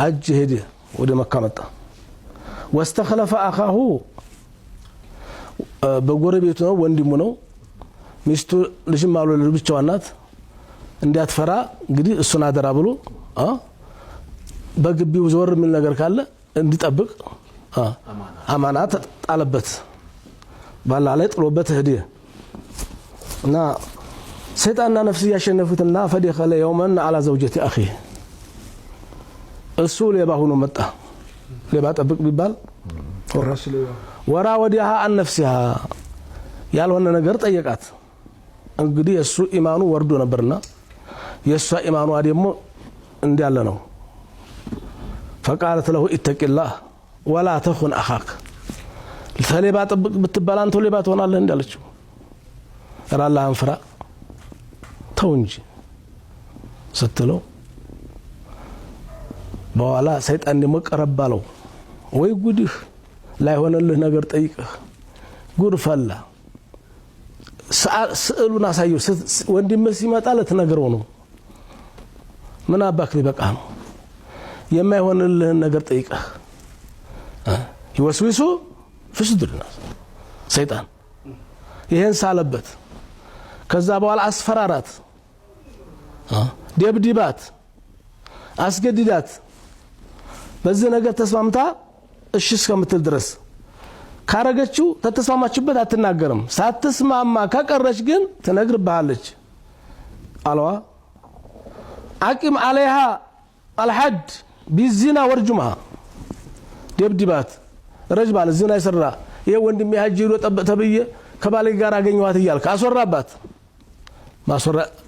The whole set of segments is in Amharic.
ሀጅ ሄደ፣ ወደ መካ መጣ። ወስተክለፈ አኻሁ በጎረቤቱ ነው ወንድሙ ነው። ሚስቱ ልጅም አልወለዱ ብቻዋን ናት። እንዲያትፈራ እንግዲህ እሱን አደራ ብሎ በግቢው ዘወር የሚል ነገር ካለ እንዲጠብቅ አማና ተጣለበት። ባላ ላይ ጥሎበት ሄደ እና ሰይጣንና ነፍስ እያሸነፉትና ፈደኸለ የውመን አላ ዘውጀቲ አኺህ እሱ ሌባ ሆኖ መጣ። ሌባ ጠብቅ ቢባል ወራ ወዲያ አን ያልሆነ ነገር ጠየቃት። እንግዲህ የእሱ ኢማኑ ወርዶ ነበርና የእሷ ኢማኗ ደግሞ እንዳለ ነው። ፈቃለት ለሁ ኢተቂላህ ወላ ተኹን አኻክ ተሌባ ጠብቅ ብትባል አንተ ሌባ ትሆናለህ እንዳለችው። ኧረ ፍራ ተው እንጂ ስትለው በኋላ ሰይጣን ደግሞ ቀረብ አለው። ወይ ጉድህ ላይሆነልህ ነገር ጠይቅህ ጉድ ፈላ። ስዕሉን አሳየው። ወንድምህ ሲመጣ ልትነግረው ነው። ምን አባክ ሊበቃ ነው? የማይሆንልህን ነገር ጠይቀህ ይወስዊሱ ፍስዱድና ሰይጣን ይሄን ሳለበት። ከዛ በኋላ አስፈራራት፣ ደብድባት፣ አስገድዳት በዚህ ነገር ተስማምታ እሺ እስከምትል ድረስ ካረገችው ተተስማማችበት አትናገርም። ሳትስማማ ከቀረች ግን ትነግርብሃለች። አለዋ አቂም አለይሃ አልሐድ ቢዚና ወርጅምሃ ደብድባት ባለ ዚና ይሰራ ይሄ ወንድሜ ሀጅ ጠበቅ ተብዬ ከባሌ ጋር አገኘዋት እያልክ አስወራባት።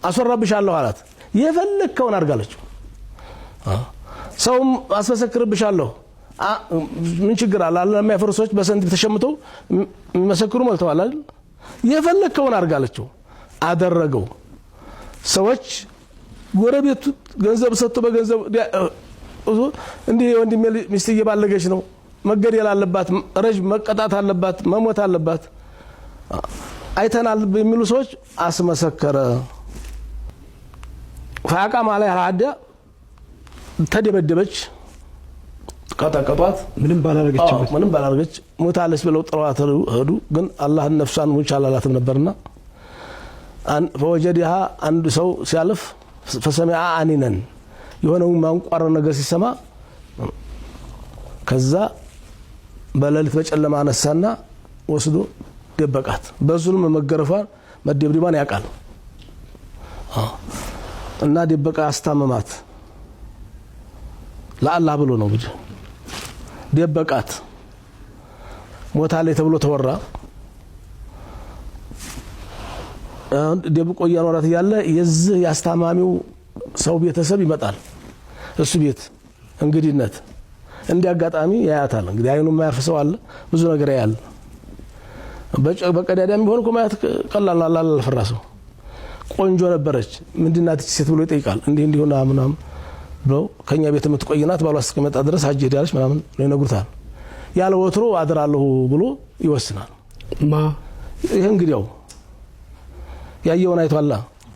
አስወራብሻለሁ አላት። የፈለግከውን አድርጋለችው። ሰውም አስመሰክርብሻለሁ ምን ችግር አለ? ለሚያፈሩ ሰዎች በሰንት ተሸምተው የሚመሰክሩ ሞልተዋል አይደል? የፈለግከውን አርጋለችው አደረገው። ሰዎች ጎረቤቱ ገንዘብ ሰጥቶ በገንዘብ እንዲህ ወንድሜ ሚስት እየባለገች ነው፣ መገደል አለባት፣ ረጅም መቀጣት አለባት፣ መሞት አለባት፣ አይተናል የሚሉ ሰዎች አስመሰከረ ፋቃ ማላይ ተደበደበች። ቀጠቀጧት። ምንም ባላረገችበት ምንም ባላረገች ሞታለች ብለው ጥሯት ሄዱ። ግን አላህን ነፍሷን ሙች አላላትም ነበርና ፈወጀድሃ አንድ ሰው ሲያልፍ ፈሰሚዐ አኒነን የሆነው ማንቋረ ነገር ሲሰማ ከዛ በሌሊት በጨለማ አነሳና ወስዶ ደበቃት። በዙንም መገረፏን መደብደቧን ያውቃል እና ደበቃ አስታመማት። ለአላህ ብሎ ነው እንግዲህ ደበቃት። ሞታለች ተብሎ ተወራ። ደብቆ እያኖራት እያለ የዚህ የአስታማሚው ሰው ቤተሰብ ይመጣል እሱ ቤት እንግዲነት እንዲ አጋጣሚ ያያታል። እንግዲህ አይኑ የማያርፍ ሰው አለ፣ ብዙ ነገር ያያል። በቀዳዳሚ ቢሆን እኮ ማየት ቀላል አልፈራ ሰው ቆንጆ ነበረች ምንድናት ሴት ብሎ ይጠይቃል። እንዲህ እንዲሆና ምናምን ብለው ከእኛ ቤት የምትቆይናት ባሏ እስከመጣ ድረስ ሀጅ ሄዳለች ምናምን ይነግሩታል። ያለ ወትሮ አድራለሁ ብሎ ይወስናል። ማ ይህ እንግዲያው ያየውን አይቷላ